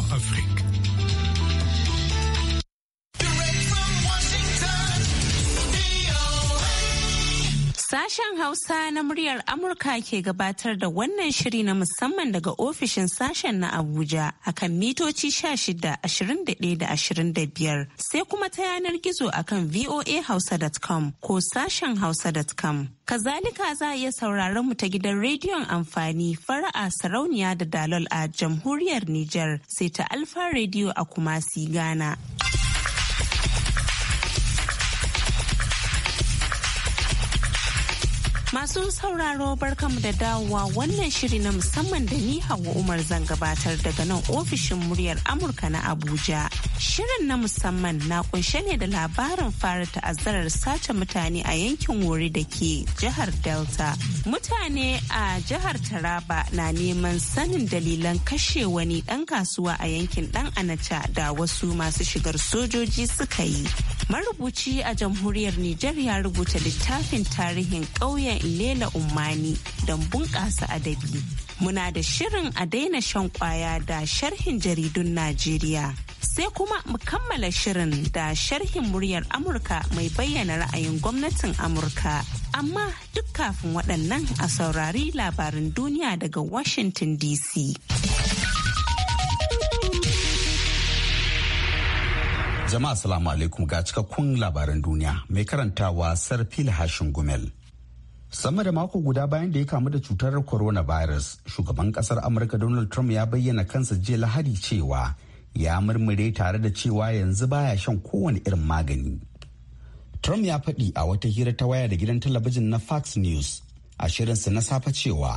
Afrique. Sashen Hausa na muryar Amurka ke gabatar da wannan shiri na musamman daga ofishin sashen na Abuja akan mitoci 16, 21 da 25 sai kuma ta yanar gizo akan voahausa.com ko sashen hausa.com. Kazalika za a iya sauraron mu ta gidan rediyon amfani fara'a sarauniya da dalol a jamhuriyar Nijar sai ta Alfa Radio a Kumasi Ghana. Masu sauraro barkamu da dawowa wannan shiri na musamman da ni Hauwa Umar zan gabatar daga nan ofishin muryar Amurka na Abuja. Shirin na musamman na kunshe ne da labarin fara ta'azzarar sace mutane a yankin wuri da ke jihar Delta. Mutane a jihar Taraba na neman sanin dalilan kashe wani ɗan kasuwa a yankin ɗan Anacha da wasu masu shigar sojoji suka yi. marubuci a jamhuriyar Nijar ya rubuta littafin tarihin ƙauyen Lela umani don bunƙasa adabi. Muna da shirin a daina shan kwaya da sharhin jaridun Najeriya. Sai kuma mu kammala shirin da sharhin muryar Amurka mai bayyana ra'ayin gwamnatin Amurka. Amma duk kafin waɗannan a saurari labarin duniya daga Washington DC. Jama'a salamu alaikum ga cikakkun labaran duniya mai karantawa Sarfil Hashin Gumel. Sama da mako guda bayan da ya kamu da cutar coronavirus, shugaban kasar Amurka Donald Trump ya bayyana kansa jiya lahadi cewa ya murmure tare da cewa yanzu baya shan kowane irin magani. Trump ya faɗi a wata hira ta waya da gidan talabijin na Fox News a shirinsa na safe cewa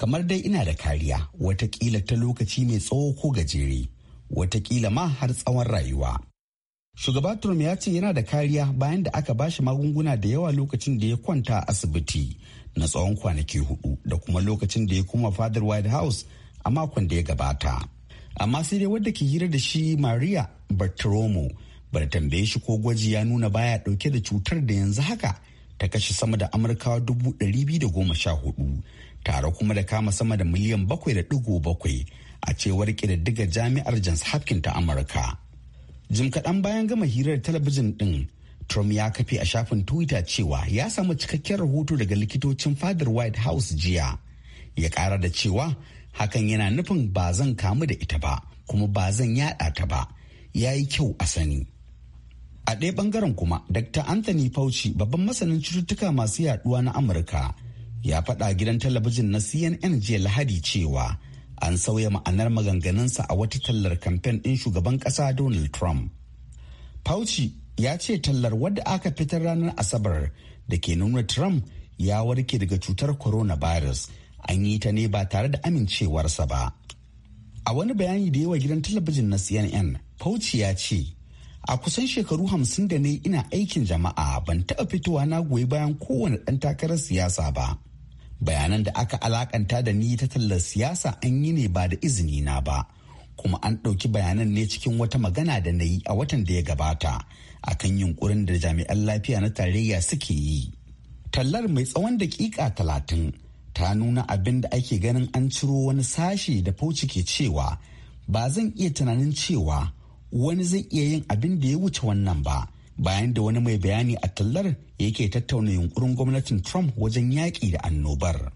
kamar dai ina da kariya watakila ta lokaci mai tsawo ko gajere watakila ma har tsawon rayuwa. Shugaba Trump ya ce yana da kariya bayan da aka bashi magunguna da yawa lokacin da ya kwanta a asibiti na tsawon kwanaki hudu da kuma lokacin da ya kuma fadar White House a makon da ya gabata. Amma sai dai wadda ke hira da shi Maria Bartiromo bata tambaye shi ko gwaji ya nuna baya dauke da cutar da yanzu haka ta kashe sama da Amurkawa dubu dari biyu da goma sha hudu tare kuma da kama sama da miliyan bakwai da digo bakwai a cewar ƙididdigar jami'ar Johns Hopkins ta Amurka. jim kaɗan bayan gama hirar talabijin ɗin trump ya kafe a shafin twitter cewa ya samu cikakken rahoto daga likitocin fadar white house jiya ya kara da cewa hakan yana nufin ba zan kamu da ita ba kuma ba zan yaɗa ta ba ya yi kyau a sani a ɗaya bangaren kuma dr anthony fauci babban masanin cututtuka masu yaɗuwa na amurka ya faɗa gidan talabijin na cnn jiya lahadi cewa an sauya ma'anar maganganunsa a wata tallar kamfen ɗin shugaban ƙasa Donald Trump. Fauci ya ce tallar wadda aka fitar ranar Asabar da ke nuna Trump ya warke daga cutar coronavirus an yi ta ne ba tare da amincewarsa ba. A wani bayani da yawa gidan talabijin na CNN, Fauci ya ce, A kusan shekaru hamsin da ne ina aikin jama'a ban taɓa fitowa na goyi bayan kowane ɗan takarar siyasa ba. bayanan da aka alakanta da ni ta tallar siyasa an yi ne ba da izini na ba kuma an ɗauki bayanan ne cikin wata magana da na yi a watan da ya gabata a kan yunkurin da jami'an lafiya na tarayya suke yi tallar mai tsawon dakika talatin ta nuna abin da ake ganin an ciro wani sashi da fauci ke cewa ba zan iya tunanin cewa wani zai iya yin abin da ya wuce wannan ba bayan da wani mai bayani a tallar yake tattauna yunkurin gwamnatin Trump wajen yaƙi da annobar.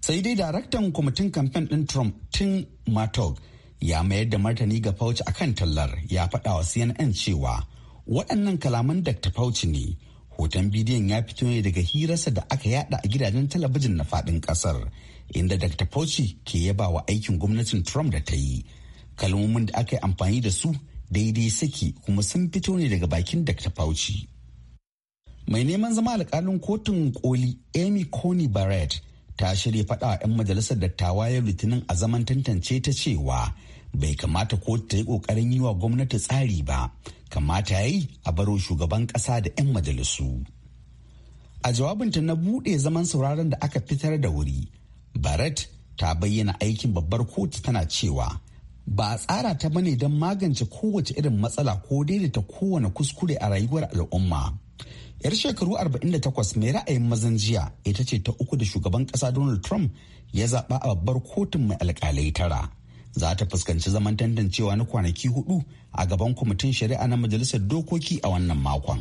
Sai dai daraktan kwamitin kamfen ɗin Trump Tim Matog ya mayar da martani ga Fauci kan tallar ya faɗa wa CNN cewa waɗannan kalaman Dr. Fauci ne hoton bidiyon ya fito ne daga hirarsa da aka yada a gidajen talabijin na faɗin ƙasar inda Dr. Fauci ke yaba wa aikin gwamnatin Trump da ta yi. Kalmomin da aka yi amfani da su daidai saki kuma sun fito ne daga bakin Dr. Fauci. Mai neman zama alƙalin kotun koli Amy Coney Barrett ta shirya faɗa wa 'yan majalisar dattawa yau litinin a zaman tantance ta cewa bai kamata kotu ta yi ƙoƙarin yi wa gwamnati tsari ba, kamata ya yi a baro shugaban ƙasa da 'yan majalisu. A jawabinta na buɗe zaman sauraron da aka fitar da wuri, Barrett ta bayyana aikin babbar kotu tana cewa ba a tsara ta bane don magance kowace irin matsala ko daidaita kowane kuskure a rayuwar al'umma. yar shekaru 48 mai ra'ayin mazan jiya ita ce ta uku da shugaban kasa donald trump ya zaɓa a babbar kotun mai alƙalai tara za ta fuskanci zaman tantancewa na kwanaki hudu a gaban kwamitin shari'a na majalisar dokoki a wannan makon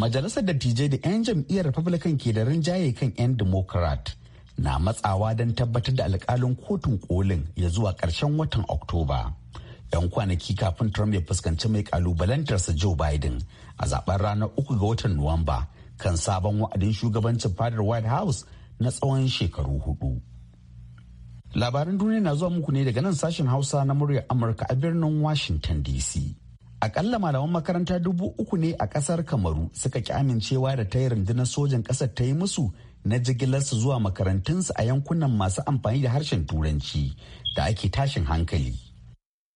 majalisar dattijai da 'yan jam'iyyar republican ke da rinjaye kan 'yan democrat na matsawa don tabbatar da alkalin kotun kolin ya zuwa ƙarshen watan oktoba yan kwanaki kafin trump ya fuskanci mai kalubalantarsa joe biden a zaben ranar uku ga watan nuwamba kan sabon wa'adin shugabancin fadar white house na tsawon shekaru hudu labaran duniya na zuwa muku ne daga nan sashen hausa na murya amurka a birnin washington dc akalla malaman makaranta dubu uku ne a kasar kamaru suka ki amincewa da ta rundunar sojan kasar ta yi musu na jigilar su zuwa makarantunsu a yankunan masu amfani da harshen turanci da ake tashin hankali.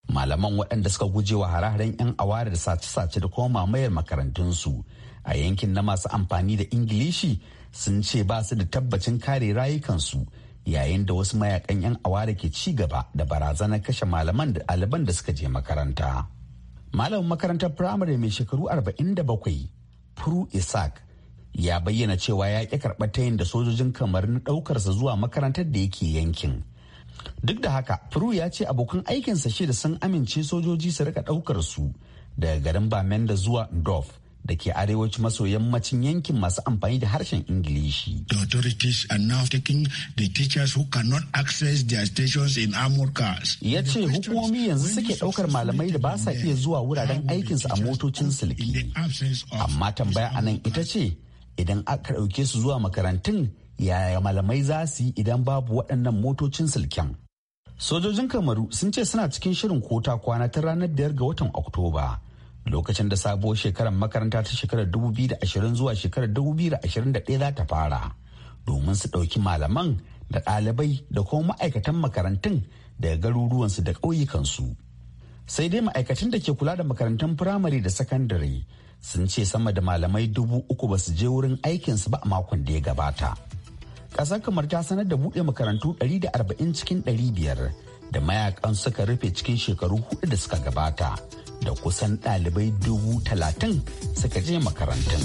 Malaman waɗanda suka guje wa hare-haren 'yan awara da sace-sace da kuma mamayar makarantunsu a yankin na masu amfani da Ingilishi sun ce ba su da tabbacin kare rayukansu yayin da wasu mayakan 'yan awara ke ci gaba da barazanar kashe malaman da ɗaliban da suka je makaranta. Malamin makarantar firamare mai shekaru 47 Furu Isaac ya bayyana cewa ya ƙi karɓar tayin da sojojin kamar na ɗaukarsa zuwa makarantar da yake yankin duk da haka peru ya ce abokan aikinsa shi da sun amince sojoji su rika ɗaukar su daga garin da zuwa ndof da ke arewaci maso yammacin yankin masu amfani da harshen Ingilishi. The authorities are now taking the teachers who cannot access their stations in armored cars. Ya ce hukumomi yanzu suke ɗaukar malamai da ba sa iya zuwa wuraren aikinsu a motocin silki. Amma tambaya a nan ita ce, idan aka ɗauke su zuwa makarantun yaya malamai za su yi idan babu waɗannan motocin silken. Sojojin Kamaru sun ce suna cikin shirin kota kwana ta ranar biyar ga watan Oktoba. Lokacin da sabuwar shekarar makaranta ta shekarar 2020 zuwa shekarar 2021 za ta fara. Domin su ɗauki malaman da ɗalibai da kuma ma'aikatan makarantun daga garuruwansu da ƙauyukan su. Sai dai ma'aikatan da ke kula da makarantun firamare da sakandare sun ce sama da malamai dubu uku ba su je wurin aikinsu ba a makon da ya gabata. Ƙasar kamar ta sanar da buɗe makarantu 140 cikin 500 da mayakan suka rufe cikin shekaru hudu da suka gabata da kusan ɗalibai dubu talatin suka je makarantun.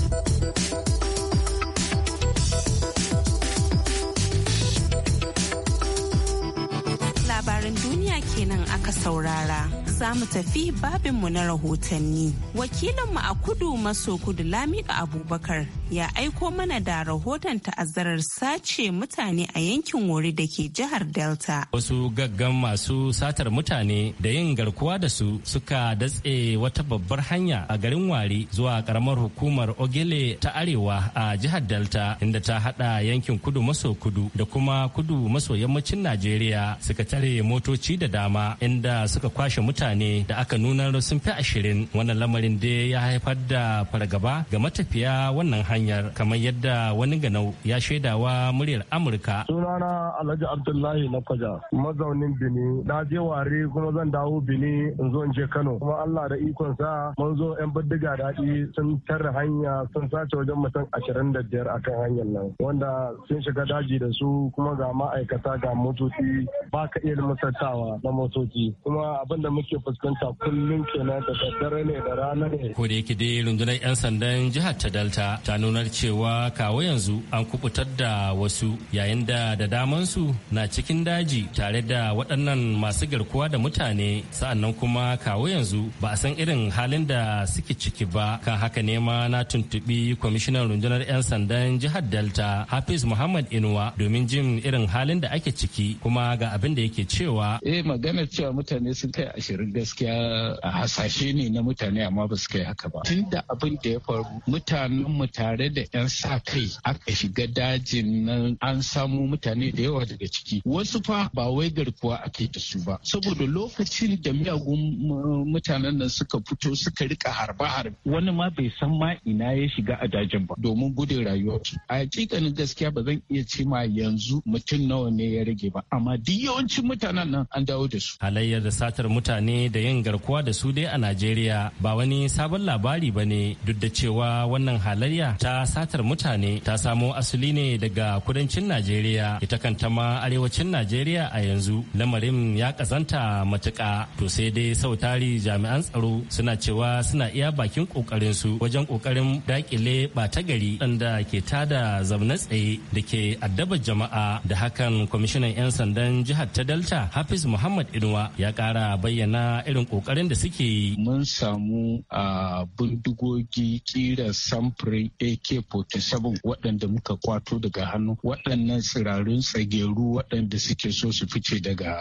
Labarin duniya kenan aka saurara. Za mu tafi babinmu na rahotanni. Wakilinmu a kudu maso kudu Lamido Abubakar ya aiko mana da rahoton ta'azzarar sace mutane a yankin wuri da ke jihar Delta. Wasu gaggan masu satar mutane da yin garkuwa da su suka datse wata babbar hanya a garin Wari zuwa karamar hukumar Ogele ta Arewa a jihar Delta inda ta hada yankin kudu maso kudu da kuma kudu maso yammacin Najeriya suka tare motoci da dama. dama inda suka kwashe mutane da aka nunar sun fi ashirin wannan lamarin dai ya haifar da fargaba ga matafiya wannan hanyar kamar yadda wani ganau ya shaidawa muryar amurka sunana alhaji abdullahi na kwaja mazaunin bini na je ware kuma zan dawo bini in zo in je kano kuma allah da ikon sa mun zo yan bindiga daɗi sun tarra hanya sun sace wajen mutum ashirin da biyar akan hanyar nan wanda sun shiga daji da su kuma ga ma'aikata ga motoci ba ka iya misaltawa motoci kuma abin da muke fuskanta kullum kenan da daddare ne da rana ne ko da yake dai rundunar yan sandan jihar ta delta ta nunar cewa kawo yanzu an kubutar da wasu yayin da da damansu na cikin daji tare da waɗannan masu garkuwa da mutane sa'annan kuma kawo yanzu ba a san irin halin da suke ciki ba kan haka ne ma na tuntuɓi kwamishinan rundunar 'yan sandan jihar delta hafiz muhammad inuwa domin jin irin halin da ake ciki kuma ga abin da yake cewa eh, magana cewa mutane sun kai ashirin gaskiya a hasashe ne na mutane amma ba su kai haka ba tun da abin da ya faru mutanen mu tare da yan sa kai aka shiga dajin nan an samu mutane da yawa daga ciki wasu fa ba wai garkuwa ake da su ba saboda lokacin da miyagun mutanen nan suka fito suka rika harba harba wani ma bai san ma ina ya shiga a dajin ba domin gudun su. a hakikanin gaskiya ba zan iya ce ma yanzu mutum nawa ne ya rage ba amma duk yawancin mutanen nan an dawo su. Halayyar da satar mutane da yin garkuwa da su dai a Najeriya ba wani sabon labari ba ne duk da cewa wannan halayya ta satar mutane ta samo asali ne daga kudancin Najeriya ita kanta ma arewacin Najeriya a yanzu lamarin ya kazanta matuka to sai dai sau tari jami'an tsaro suna cewa suna iya bakin kokarin su wajen kokarin dakile bata gari wanda ke tada zamna tsaye da ke addabar jama'a da hakan kwamishinan 'yan sandan jihar ta Delta Hafiz Muhammad Muhammad Inuwa ya kara bayyana irin kokarin da suke yi. Mun samu a bindigogi kira samfurin AK-47 waɗanda muka kwato daga hannu waɗannan tsirarin tsageru waɗanda suke so su fice daga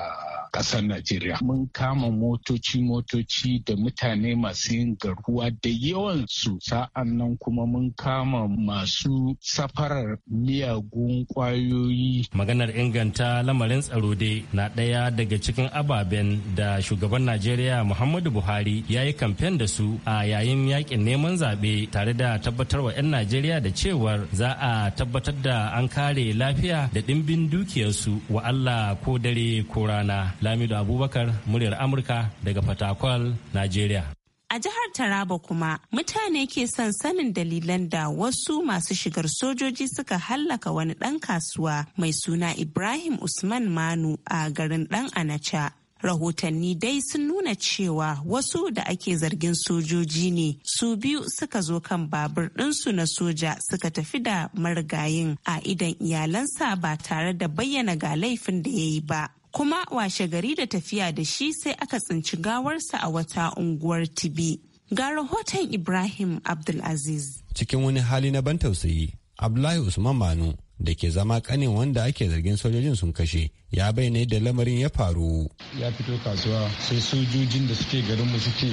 ƙasar Najeriya. Mun kama motoci-motoci da mutane masu yin garkuwa da yawan su sa'an nan kuma mun kama masu safarar miyagun kwayoyi. Maganar inganta lamarin tsaro dai na ɗaya daga cikin ababen da shugaban Najeriya Muhammadu Buhari ya yi kamfen da su a yayin yakin neman zaɓe tare da tabbatarwa 'yan Najeriya da cewar za a tabbatar da an kare lafiya da dimbin dukiyarsu wa Allah ko dare ko rana. Lamido Abubakar muryar Amurka daga Fatakwal, Najeriya. A jihar Taraba kuma mutane ke son sanin dalilan da wasu masu shigar sojoji suka hallaka wani ɗan kasuwa mai suna Ibrahim Usman Manu a garin ɗan Anacha. rahotanni dai sun nuna cewa wasu da ake zargin sojoji ne su biyu suka zo kan babur ɗinsu na soja suka tafi da marigayin a idan iyalansa ba tare da bayyana ga laifin da ya yi ba kuma washe gari da tafiya da shi sai aka tsinci gawarsa a wata unguwar tibi ga rahoton ibrahim abdulaziz cikin wani hali na ban tausayi abdullahi usman manu da ke zama kanin wanda ake zargin sojojin sun kashe ya bayyana da lamarin ya faru. Ya fito kasuwa sai sojojin da suke garinmu suke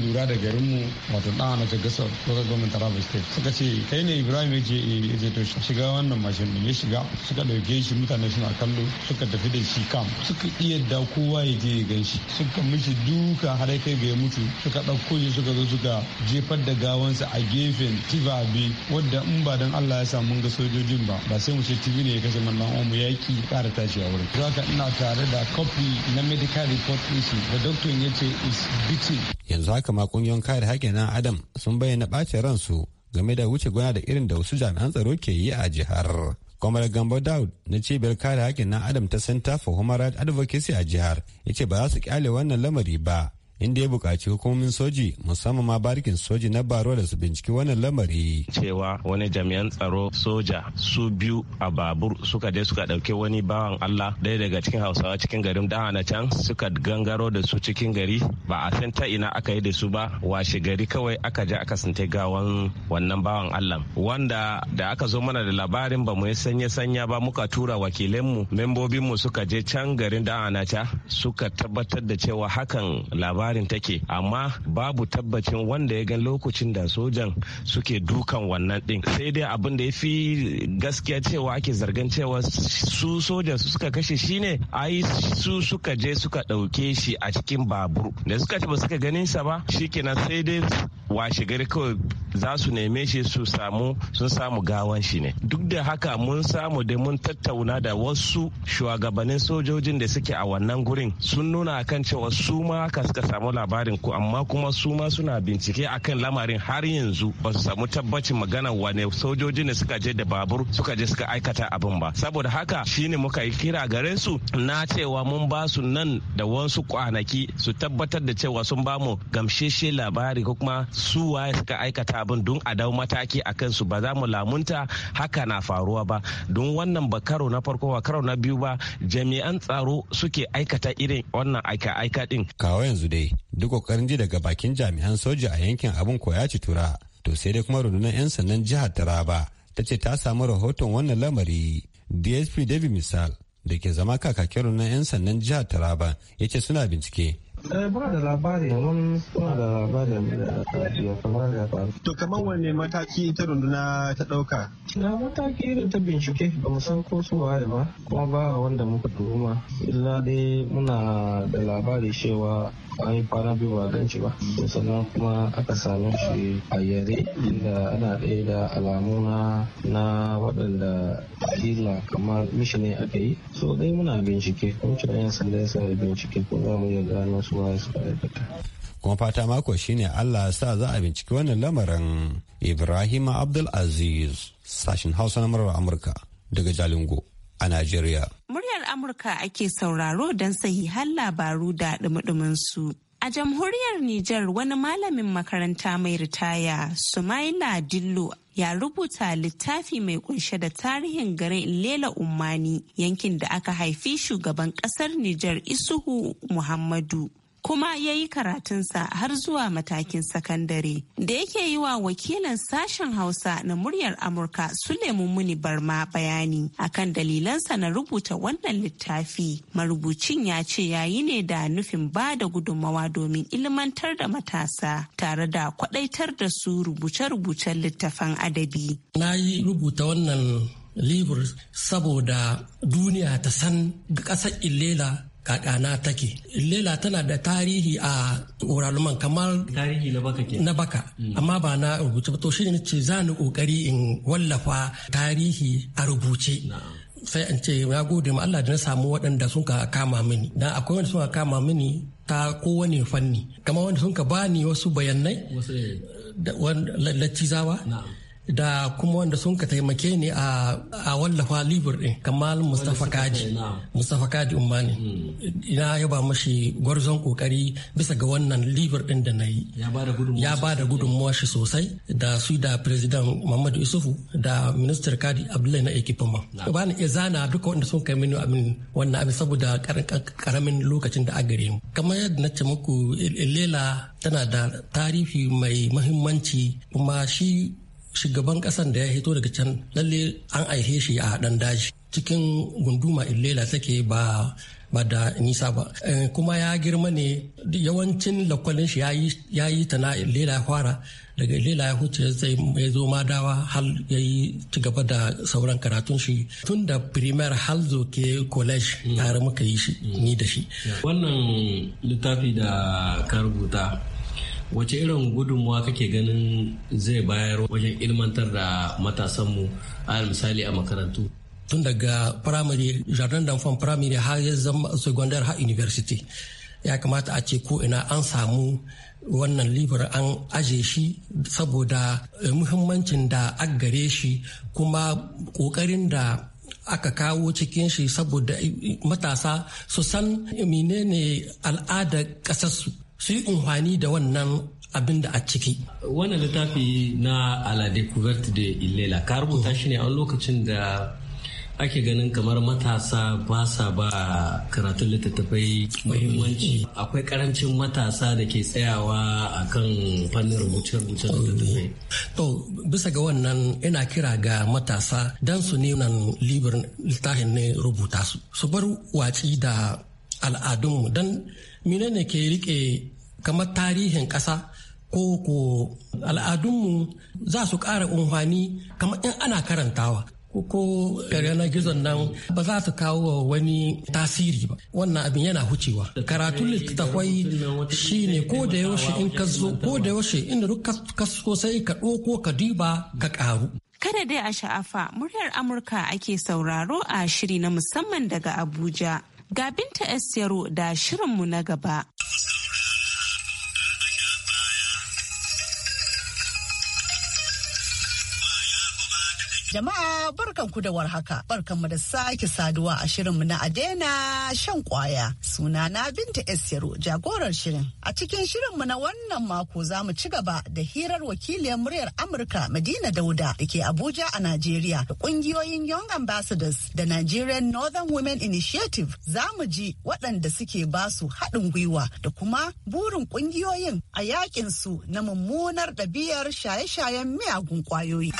lura da garinmu wato ɗan na ta gasa local government state suka ce kai ne Ibrahim ya je to shiga wannan mashin din ya shiga suka ɗauke shi mutane suna kallo suka tafi da shi kam suka iya da kowa ya je ya ganshi suka mishi duka har kai ga ya mutu suka ɗauko shi suka zo suka jefar da gawansa a gefen bi wadda in ba dan Allah ya samu ga sojojin ba ba sai mu ce tibi ne ya kashe mallan mu yaki ƙara tashi a wurin. hankali zaka ina tare da kofi na medical report isi da doktor ya ce is bitin. yanzu haka ma kungiyoyin kare haƙƙin ɗan adam sun bayyana ɓacin ransu game da wuce gona da irin da wasu jami'an tsaro ke yi a jihar kwamar gambo daud na cibiyar kare haƙƙin ɗan adam ta center for human rights advocacy a jihar ya ce ba za su kyale wannan lamari ba inda ya buƙaci hukumomin soji musamman ma barikin soji na baro da su binciki wannan lamari. Cewa wani jami'an tsaro soja su biyu a babur suka je suka ɗauki wani bawan Allah ɗaya daga cikin Hausawa cikin garin na can suka gangaro da su cikin gari ba a san ta ina aka yi da su ba washe gari kawai aka je aka sinte gawan wannan bawan Allah wanda da aka zo mana da labarin ba mu yi sanya sanya ba muka tura wakilanmu membobinmu suka je can garin na ca suka tabbatar da cewa hakan labarin labarin take amma babu tabbacin wanda ya ga lokacin da sojan suke dukan wannan din sai dai abin da ya fi gaskiya cewa ake zargan cewa su sojan su suka kashe shi ne ai su suka je suka ɗauke shi a cikin babur da suka ce ba suka ganin sa ba shikenan sai dai washe gari kawai za su neme shi su samu sun samu gawan shi ne duk da haka mun samu da mun tattauna da wasu shugabannin sojojin da suke a wannan gurin sun nuna kan cewa su ma haka suka samu labarin ku amma kuma su ma suna bincike akan lamarin har yanzu ba su samu tabbacin magana wane sojoji ne suka je da babur suka je suka aikata abin ba saboda haka shine muka yi kira gare su na cewa mun ba su nan da wasu kwanaki su tabbatar da cewa sun ba mu gamsheshe labari ko kuma su waye suka aikata abin don a dau mataki a kansu ba za mu lamunta haka na faruwa ba don wannan ba karo na farko ba karo na biyu ba jami'an tsaro suke aikata irin wannan aika aika din kawo yanzu dai duk kokarin ji daga bakin jami'an soja a yankin abin koya ci tura to sai dai kuma rundunar 'yan sannan jihar taraba ta ce ta samu rahoton wannan lamari dsp david misal da ke zama kakakin rundunar 'yan sannan jihar taraba ya ce suna bincike eh, ba da labari wani suna da labari To kamar wanne mataki ta runduna ta ɗauka? Na mataki irin ta bincike ba mu san ko su waye ba kuma ba wanda muka tuhuma. Illa dai muna da labari cewa an yi kwana biyu ba gan shi ba sannan kuma aka same shi a yare inda ana ɗaya da alamu na waɗanda kila kamar mishi ne aka yi so dai muna bincike kuma cewa yan sanda ya sa bincike ko za mu iya gano su ba su aikata kuma fata mako shine Allah sa za a binciki wannan lamarin Ibrahim Abdul Aziz sashin Hausa na Amurka daga Jalingo a Najeriya. Muryar Amurka ake sauraro don sahihan labaru da ɗumi su. A jamhuriyar Nijar wani malamin makaranta mai ritaya, Sumaila Dillo ya rubuta littafi mai kunshe da tarihin garin Lela Ummani yankin da aka haifi shugaban ƙasar Nijar Isuhu Muhammadu. kuma ya yi karatunsa har zuwa matakin sakandare da yake yi wa wakilin sashen hausa na muryar amurka sule muni barma bayani akan dalilansa na rubuta wannan littafi marubucin ya ce yayi ne da nufin ba da gudunmawa domin ilmantar da matasa tare da kwadaitar da su rubuce-rubucen littafan adabi na yi rubuta wannan libur saboda duniya ta san ƙasar illela kakana take lela tana da tarihi a wuraluman kamar tarihi na baka ke na baka mm. amma ba na rubuce ba to ne ce za ni kokari in wallafa tarihi a rubuce sai an ce na gode ma Allah da na samu waɗanda sun ka kama mini dan akwai wanda sun ka kama mini ta kowane fanni kamar wanda sun ka bani wasu bayanai Wasu eh. lacci zawa da kuma wanda sun ka taimake ni a a wallafa libur ɗin kamal mustafa kaji mustafa kaji umani hmm. ina yaba mashi gwarzon kokari bisa ga wannan libur ɗin da na yi ya ba da gudunmuwa shi sosai da su da president muhammadu isufu da minister kadi abdullahi na ekipama ba ni iya zana duka wanda sun kai mini abin wannan abin saboda karamin lokacin da agare mu kamar yadda na ce muku lela tana da tarihi mai mahimmanci kuma shi shugaban kasan da ya hito daga can lalle an aihe shi a dan daji cikin gunduma illela take ba ba da nisa ba eh, kuma ya girma ne yawancin lakwalin shi ya yi ta na illela ya fara daga illela ya huce zai ya zo madawa hal ya yi ci gaba da sauran karatun shi tun da primar hal zo ke college mm. tare muka yi shi ni da shi wannan littafi da ka rubuta wace irin gudunmuwa kake ganin zai bayar wajen ilmantar da matasanmu a misali a makarantu tun daga firamare jardin damfan firamare har ya zama secondary har university ya kamata a ce ko ina an samu wannan libar an aje shi saboda muhimmancin da an gare shi kuma kokarin da aka kawo cikin shi saboda matasa su san menene al'adar ƙasarsu su yi unhwani da wannan abin da a ciki. Wannan littafi na ala découverte de Ilela ka rubuta shi ne a lokacin da ake ganin kamar matasa ba sa ba karatun littattafai muhimmanci akwai karancin matasa da ke tsayawa a kan fannin rubuce-rubuce littattafai. To bisa ga wannan ina kira ga matasa don su ne neman littafin ne rubuta su su bar watsi da al'adunmu don menene ke rike kamar tarihin ƙasa ko ko al'adunmu za su ƙara unhwani kamar in ana karantawa ko yanar gizon nan ba za su kawo wani tasiri ba wannan abin yana hucewa karatun littattafai shi ne ko da yaushe in ka zo ko da yaushe inda ka so sai ka ɗoko ka diba ka ƙaru kada dai a sha'afa muryar amurka ake sauraro a shiri na musamman daga abuja Ga Binta S. da shirinmu na gaba. Jama'a ku da warhaka, mu da sake saduwa a shirin mu na Adena shan kwaya. suna na Binta S. Yaro jagorar shirin. A cikin shirin mu na wannan mako za mu ci gaba da hirar wakiliyar muryar Amurka Madina Dauda da ke Abuja a Najeriya da kungiyoyin Young Ambassadors da Nigerian Northern Women Initiative za mu ji waɗanda suke basu haɗin gwiwa da kuma burin kungiyoyin a yakin su na mummunar ɗabi'ar shaye-shayen miyagun kwayoyi.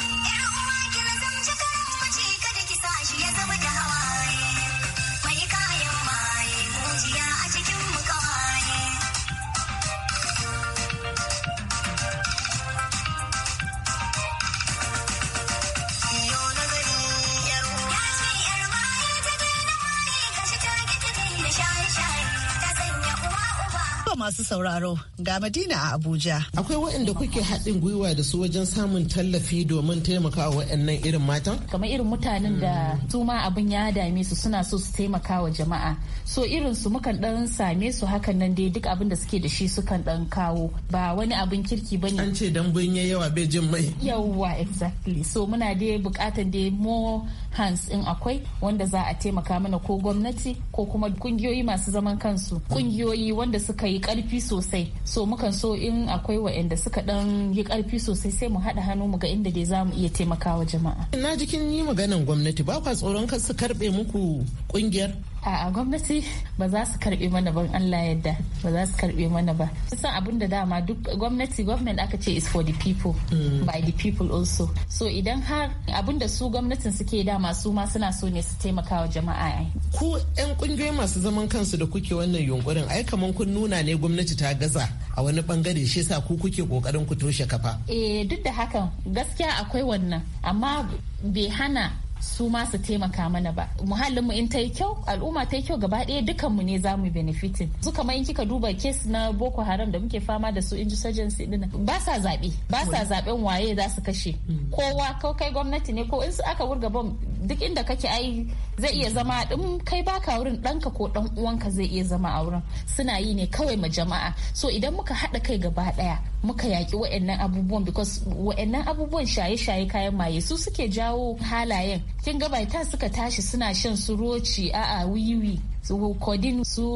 masu sauraro ga Madina a Abuja. Akwai waɗanda kuke haɗin gwiwa da su wajen samun tallafi domin taimakawa waɗannan irin matan? Kamar irin mutanen da su ma abin ya dame su suna so su taimaka wa jama'a. So irin su mukan ɗan same su hakan nan dai duk abin da suke da shi sukan ɗan kawo ba wani abin kirki bane. An ce dan ya yawa bai jin mai. yawa exactly. So muna dai buƙatan dai mo hands in akwai wanda za a taimaka mana ko gwamnati ko kuma kungiyoyi masu zaman kansu. Kungiyoyi wanda suka yi ƙarfi karfi sosai so mukan so in akwai wa'anda suka dan yi karfi sosai sai mu haɗa hannu mu ga inda dai za mu iya taimakawa jama'a na jikin yi maganan gwamnati ba kwa tsoron kar su karbe muku kungiyar a'a gwamnati ba za su karbe mana ban Allah yadda ba za su karbe mana ba san abin da dama duk gwamnati government aka ce is for the people mm. by the people also so idan har abin da su gwamnatin suke dama su ma suna so ne su taimaka wa jama'a ku yan kungiyoyi masu zaman kansu da kuke wannan yunkurin ai kaman kun nuna ne gwamnati ta gaza a wani bangare shi yasa ku kuke kokarin ku toshe kafa eh duk da hakan gaskiya akwai wannan amma bai hana su ma su taimaka mana ba muhallin mu in ta yi kyau al'umma ta yi kyau gaba ɗaya dukan mu ne za mu benefitin su kamar in kika duba kes na boko haram da muke fama da su insurgency din ba sa zaɓe ba sa zaɓen waye za su kashe mm. kowa ko kai gwamnati ne ko in su aka wurga bom duk inda kake ai zai iya zama din kai baka wurin ɗanka ko ɗan uwanka zai iya zama a wurin suna yi ne kawai ma jama'a so idan muka haɗa kai gaba ɗaya muka yaki wa'annan abubuwan because wa'annan abubuwan shaye-shaye kayan maye su suke jawo halayen kin ga ta suka tashi suna shan su roci a'a wiwi su kodin su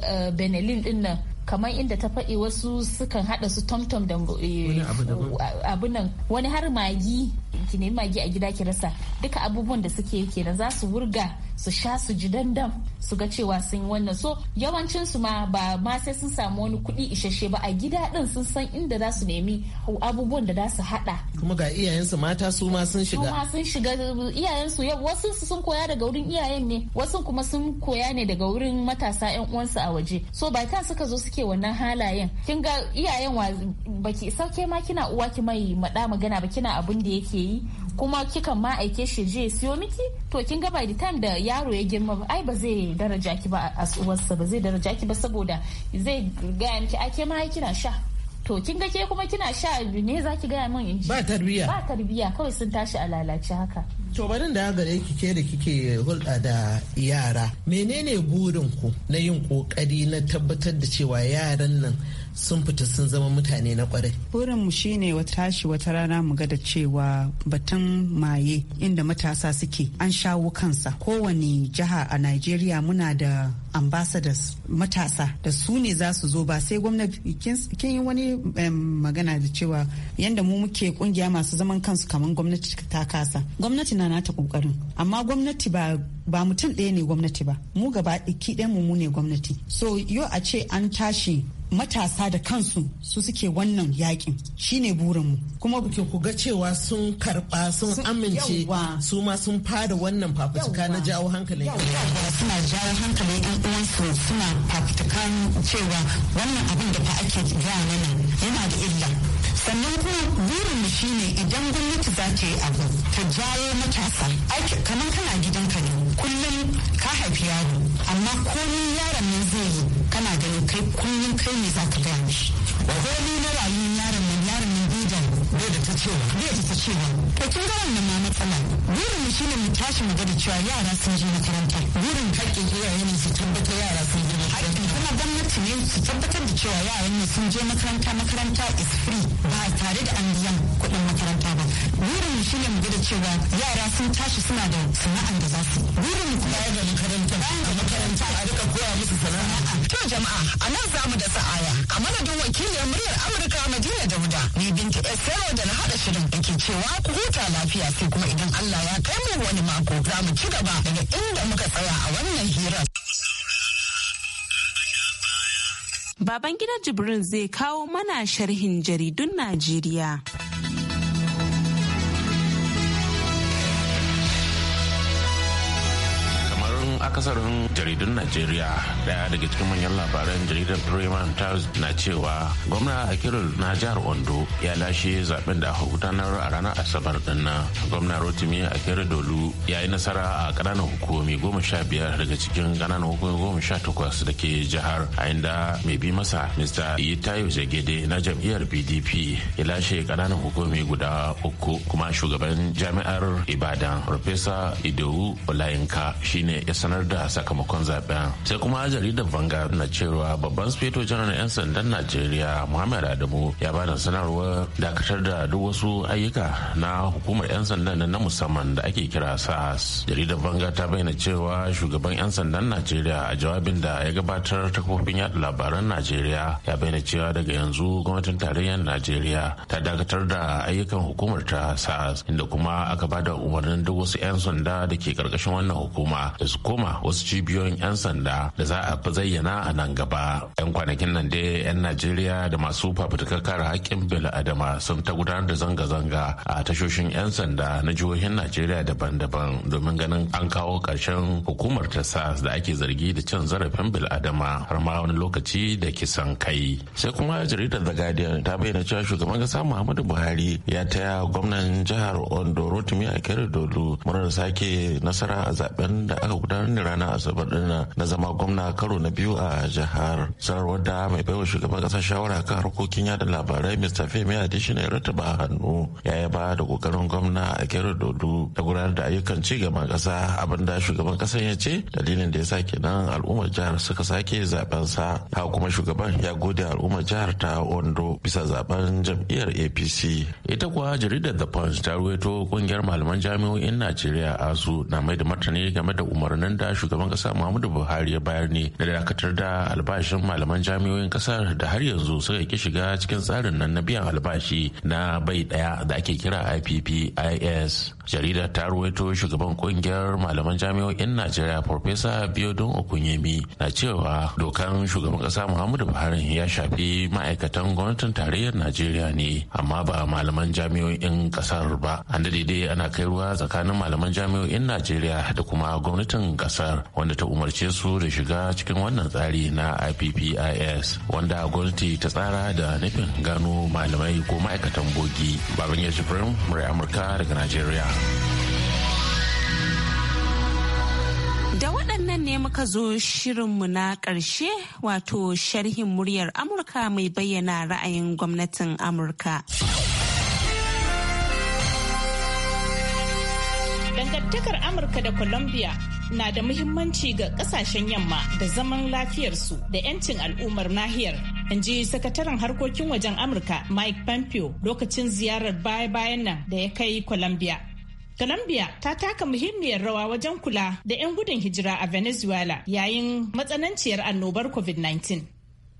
eh, benelin din kamar inda ta faɗi wasu sukan haɗa su tomtom da eh, abunan wani har magi ki nemi magi a gida ki rasa duka abubuwan da suke yi kenan za su wurga su sha su ji dandam su ga cewa sun yi wannan so yawancin su ma ba ma sai sun samu wani kuɗi isasshe ba a gida din sun san inda za su nemi abubuwan da za su hada kuma ga iyayen su mata su ma sun shiga su sun shiga iyayen su wasu sun koya daga wurin iyayen ne wasu kuma sun koya ne daga wurin matasa yan uwansu a waje so ba ta suka zo suke wannan halayen kin ga iyayen wa baki sauke ma kina uwa ki mai mada magana ba kina abun da yake yi kuma kika ma aike shi je siyo miki to kin ga by the time da yaro ya girma ai ba zai daraja ki ba a uwarsa ba zai daraja ki ba saboda zai gaya miki ake ma kina sha to kin ga ke kuma kina sha ne za ki gaya min ba tarbiya ba tarbiya kawai sun tashi a lalace haka to barin da gare ki ke da kike hulɗa da yara menene burin ku na yin kokari na tabbatar da cewa yaran nan sun fita sun zama mutane na kwarai. Burin mu shine wata tashi wata rana mu ga da cewa batun maye inda matasa suke an shawo kansa. Kowane jiha a Najeriya muna da ambassadors matasa da su ne za su zo ba sai gwamnati kin yi wani magana da cewa yadda mu muke kungiya masu zaman kansu kamar gwamnati ta kasa. Gwamnati na nata kokarin amma gwamnati ba ba mutum ɗaya ne gwamnati ba mu gaba ɗaya mu ne gwamnati so yau a ce an tashi matasa da kansu su suke wannan yakin shine burinmu kuma buke ku ga cewa sun karba sun amince su ma sun fara wannan fafutuka na jawo hankalin Yau suna jawo hankalin yan uwansu suna fafutukan cewa wannan abin da fa ake gaya mana yana da illa sannan kuma burin mu shine idan gwamnati za ta yi abu ta jawo matasa kamar kana gidanka ne kullum ka haifi yaro amma komai yaron ne zai yi kai kullum kai ne za ka gaya mishi ba ko ni na rayuwar yaron nan yaron nan bai da da ta cewa bai da ta cewa to kin ga wannan ma matsala burin mu shine mu tashi mu ga cewa yara sun je makaranta burin haƙƙin iyaye ne su tabbatar yara sun je makaranta kuma gwamnati ne su tabbatar da cewa yaran ne sun je makaranta makaranta is free ba tare da an biyan kuɗin makaranta ba burin mu shine mu ga cewa yara sun tashi suna da sana'an da za su burin mu kuma ya ga makaranta a makaranta a rika musu sana'a. To jama'a a nan za mu da sa'aya a madadin wakiliyar muryar Amurka Madina Dauda ni binta Esero da na haɗa shirin da ke cewa ku huta lafiya sai kuma idan Allah ya kai mu wani mako za mu ci gaba daga inda muka tsaya a wannan hirar. Baban gidan Jibrin zai kawo mana sharhin jaridun Najeriya. kasarin jaridun najeriya daya daga cikin manyan labaran jaridar Freeman times na cewa gwamna kirin na jihar ondo ya lashe zaben da aka gudanar a ranar asabar din nan gwamna rotimi kirin dolu ya yi nasara a kananan hukumomi goma sha biyar daga cikin kananan hukumomi goma sha takwas da ke jihar a inda mai bi masa mr iyitayo jagede na jam'iyyar pdp ya lashe kananan hukumi guda uku kuma shugaban jami'ar ibadan farfesa idowu olayinka shine ya sanar da sakamakon zaben sai kuma jaridar vanga na cewa babban speto janar 'yan sandan najeriya muhammad adamu ya ba da sanarwar dakatar da duk wasu ayyuka na hukumar 'yan sandan na musamman da ake kira sas jaridar vanga ta bayyana cewa shugaban 'yan sandan najeriya a jawabin da ya gabatar ta kofin yada labaran najeriya ya bayyana cewa daga yanzu gwamnatin tarayyar najeriya ta dakatar da ayyukan hukumar ta sas inda kuma aka ba da umarnin duk wasu 'yan sanda da ke karkashin wannan hukuma da su koma wasu cibiyoyin 'yan sanda da za a fi zayyana a nan gaba. 'Yan kwanakin nan dai 'yan Najeriya da masu fafutukar kare haƙƙin bil'adama sun ta gudanar da zanga-zanga a tashoshin 'yan sanda na jihohin Najeriya daban-daban domin ganin an kawo ƙarshen hukumar ta SARS da ake zargi da cin zarafin bil'adama har ma wani lokaci da kisan kai. Sai kuma jaridar The Guardian ta bayyana cewa shugaban ƙasa Muhammadu Buhari ya taya gwamnan jihar Ondo Rotimi a Akeredolu murar sake nasara a zaben da aka gudanar ranar asabar dina na zama gwamna karo na biyu a jihar sanarwar da mai baiwa shugaban kasar shawara kan harkokin yada labarai mr femi adishina ya ba hannu ya yaba da kokarin gwamna a kero dodo da gudanar da ayyukan ci gaban kasa abinda shugaban kasar ya ce dalilin da ya sa kenan al'ummar jihar suka sake zaben sa ha kuma shugaban ya gode al'ummar jihar ta ondo bisa zaben jam'iyyar apc ita kuwa jaridar the punch ta ruwaito kungiyar malaman jami'o'in najeriya asu na mai da martani game da umarnin da shugaban kasa muhammadu buhari ya bayar ne da dakatar da albashin malaman jami'oyin kasar da har yanzu suka ki shiga cikin tsarin nan na biyan albashi na bai daya da ake kira ippis jaridar ta ruwaito shugaban kungiyar malaman jami'o'in najeriya farfesa biodun okunyemi na cewa dokan shugaban kasa muhammadu buhari ya shafi ma'aikatan gwamnatin tarayyar najeriya ne amma ba malaman jami'o'in kasar ba an daidai ana kai ruwa tsakanin malaman jami'o'in najeriya da kuma gwamnatin kasar kasar wanda ta umarce su da shiga cikin wannan tsari na ippis wanda gwamnati ta tsara da nufin gano malamai ko ma'aikatan bogi baban ya farin murai amurka daga nigeria da waɗannan ne muka zo shirinmu na ƙarshe wato sharhin muryar amurka mai bayyana ra'ayin gwamnatin amurka dangantakar amurka da colombia na da muhimmanci ga kasashen yamma da zaman lafiyarsu da 'yancin al'ummar nahiyar in ji sakataren harkokin wajen amurka mike pompeo lokacin ziyarar baya-bayan nan da ya kai colombia Colombia ta taka muhimmiyar rawa wajen kula da 'yan gudun hijira a Venezuela yayin matsananciyar annobar COVID-19.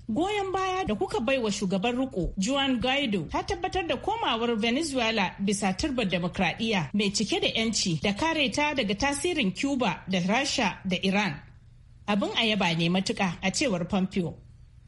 Goyon baya da kuka bai wa shugaban riko Juan Guaido ta tabbatar da komawar Venezuela bisa turbar demokradiyya mai cike da 'yanci da kare ta daga tasirin Cuba da Rasha da Iran. Abin a yaba ne matuka a cewar Pompeo.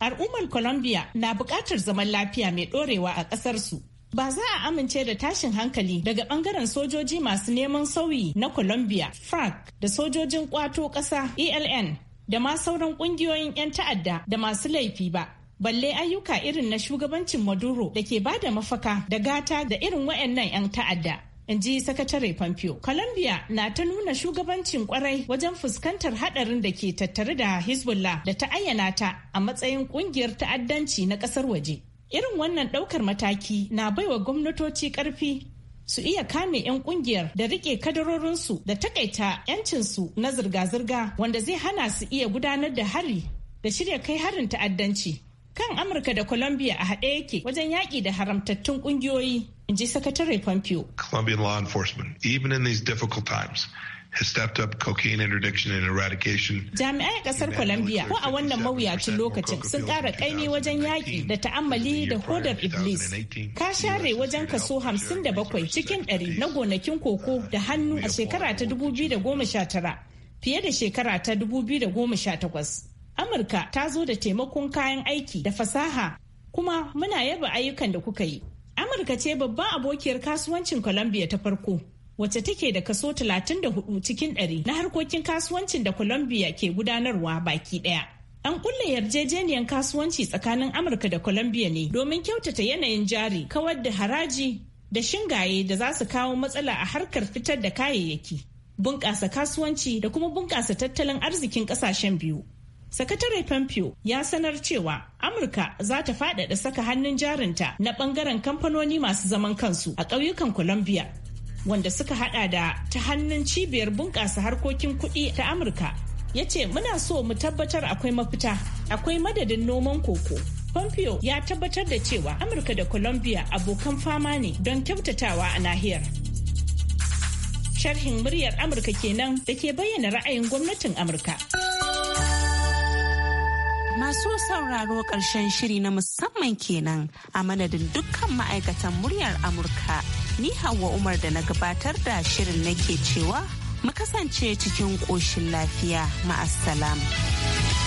Al'ummar Colombia na buƙatar zaman lafiya mai ɗorewa a ƙasarsu. Ba za a amince da tashin hankali daga ɓangaren sojoji masu neman sauyi na Colombia, FARC da sojojin ƙwato ƙasa ELN da ma sauran kungiyoyin 'yan ta'adda da masu laifi ba balle ayyuka irin na shugabancin maduro da ke bada mafaka da gata da irin wayannan 'yan ta'adda in ji sakatare pompeo colombia na ta nuna shugabancin kwarai wajen fuskantar hadarin da ke tattare da hezbollah da ta ayyana ta a matsayin kungiyar ta'addanci na kasar waje irin wannan daukar mataki na baiwa gwamnatoci karfi su iya kame 'yan kungiyar da rike kadarorinsu da takaita 'yancinsu na zirga-zirga wanda zai hana su iya gudanar da hari da shirya kai harin ta'addanci kan amurka da colombia a haɗe yake wajen yaƙi da haramtattun ƙungiyoyi in ji sakatare pompeo colombian law enforcement even in these difficult times stepped up cocaine interdiction and eradication. Jami'an kasar Colombia ko a wannan mawuyacin lokacin sun ƙara ƙaimi wajen yaƙi da ta'ammali da hodar Iblis. Ka share wajen kaso 57 cikin 100 na gonakin koko da hannu a shekara ta 2019 fiye da shekara ta 2018. Amurka ta zo da taimakon kayan aiki da fasaha kuma muna yaba ayyukan da kuka yi. Amurka ce babban abokiyar kasuwancin Colombia ta farko wacce take da kaso 34 cikin ɗari. na harkokin kasuwancin da Colombia ke gudanarwa baki ɗaya. An kulle yarjejeniyar kasuwanci tsakanin Amurka da Colombia ne domin kyautata yanayin jari, kawar da haraji da shingaye da za su kawo matsala a harkar fitar da kayayyaki, bunƙasa kasuwanci da kuma bunƙasa tattalin arzikin ƙasashen biyu. Sakatare Pompeo ya sanar cewa Amurka za ta faɗaɗa saka hannun jarinta na ɓangaren kamfanoni masu zaman kansu a ƙauyukan Colombia wanda suka hada da ta hannun cibiyar bunƙasa harkokin kuɗi ta amurka ya ce muna so mu tabbatar akwai mafita akwai madadin noman koko pompeo ya tabbatar da cewa amurka da colombia abokan fama ne don kyautatawa a nahiyar sharhin muryar amurka kenan da ke bayyana ra'ayin gwamnatin amurka masu sauraro ƙarshen shiri na musamman kenan a madadin dukkan ma'aikatan muryar amurka ni Hauwa Umar da na gabatar da shirin nake cewa mu kasance cikin ƙoshin lafiya ma'assalam.